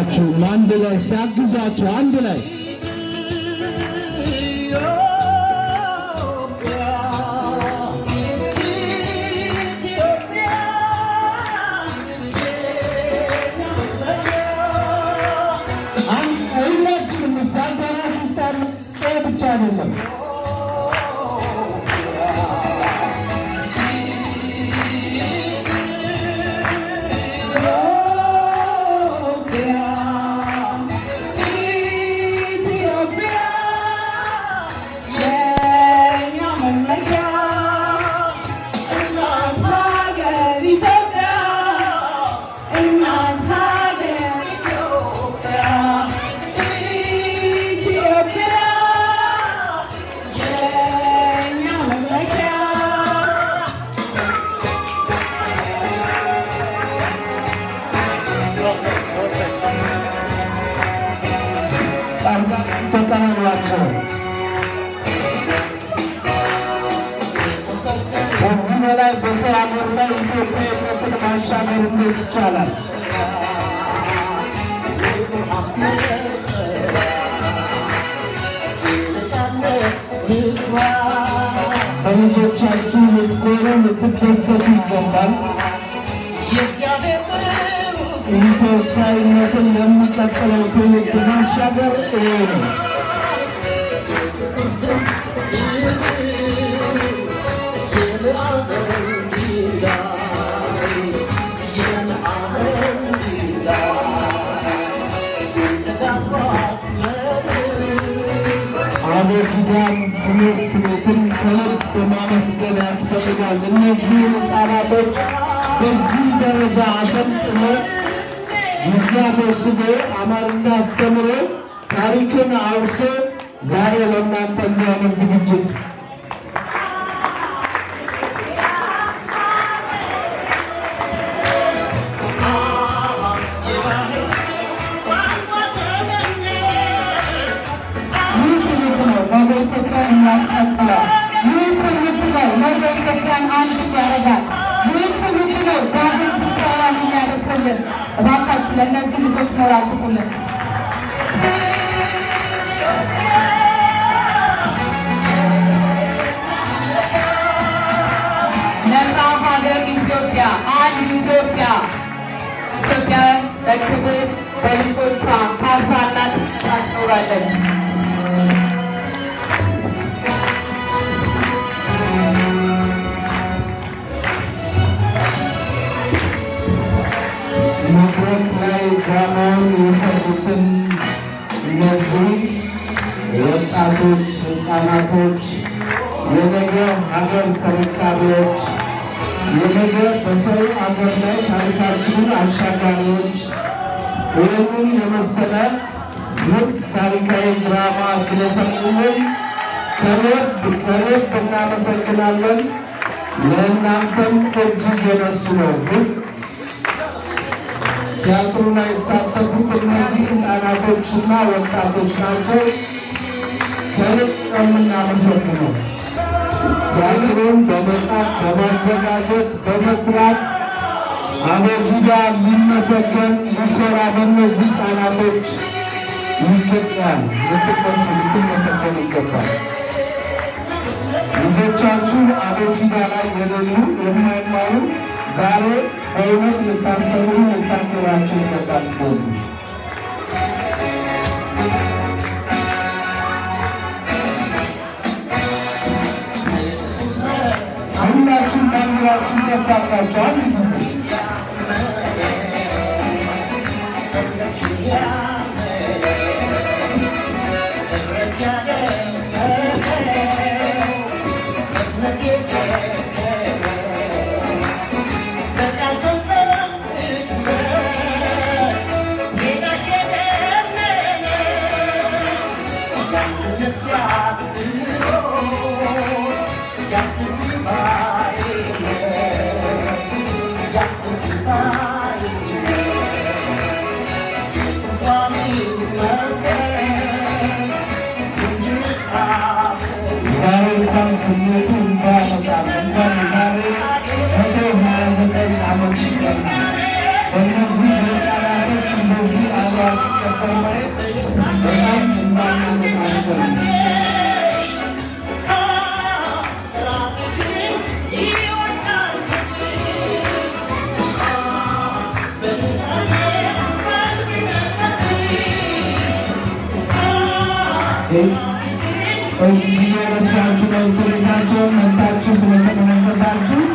ሁላችሁም አንድ ላይ እስቲ አግዟቸው አንድ ላይ ሁላችንም አዳራሽ ውስጥ ብቻ አይደለም። ከዚህ በላይ በሰው ሀገር ላይ ኢትዮጵያዊነትን ማሻገር እንዴት ይቻላል? በልጆቻችሁ ልትኮሩ ልትደሰቱ ይገባል። ኢትዮጵያዊነትን ለሚቀጥለው ትውልድ ማሻገር ይሄ ነው። ትምህርት ቤትን ከልብ ማመስገን ያስፈልጋል። እነዚህ ሕፃናቶች በዚህ ደረጃ አሰልጥኖ ጊዜ አስወስዶ አማርኛ አስተምሮ ታሪክን አውርሶ ዛሬ ለእናንተ የሚያመን ዝግጅት የምናስቀጥለው። ይህ ትውልድ ነው ነገ ኢትዮጵያን አንድ ያደርጋል። ይህ ትውልድ ነው ዳግም ትንሣኤዋን የሚያደርስልን። እባካችሁ ለእነዚህ ልጆች ሞራል ስጡልን። ነፃ ሀገር ኢትዮጵያ፣ አንድ ኢትዮጵያ። ኢትዮጵያ በክብር በልጆቿ ካርታና ጥቅጫ ትኖራለች። የመጡትን እነዚህ ወጣቶች፣ ህፃናቶች፣ የነገ ሀገር ተረካቢዎች፣ የነገ በሰው ሀገር ላይ ታሪካችንን አሻጋሪዎች ይህንን የመሰለ ምርጥ ታሪካዊ ድራማ ስለሰጡልን ከልብ ከልብ እናመሰግናለን። ለእናንተም እጅግ የነሱ ነው ቲያትሩ ላይ የተሳተፉት እነዚህ ህፃናቶችና ወጣቶች ናቸው። ከልብ የምናመሰግነው ቲያትሩን በመጻፍ በማዘጋጀት በመስራት አበጊዳ ሊመሰገን ሊኮራ በእነዚህ ህፃናቶች ይገባል። ልትመሰገን ይገባል። ልጆቻችሁ አበጊዳ ላይ የሌሉ የማይማሩ ዛሬ በእውነት ልታስተምሩ ልታክብራቸው ይገባል። እንደዚህ ሁላችሁም ባንዲራችሁ ይገባላችሁ። አንድ ጊዜ ዛሬ እንኳን ስሜቱ እንዳያመጣም እንኳን የዛሬ መቶ ሀያ ዘጠኝ ዓመት ይቀናል። በእነዚህ ህፃናቶች እንደዚህ አበባ ሲቀበር ማየት በጣም እንዳናመጣ ነገር ነው። የሚያነሳችሁ ለውትሬታቸውን መታችሁ ስለተመለከታችሁ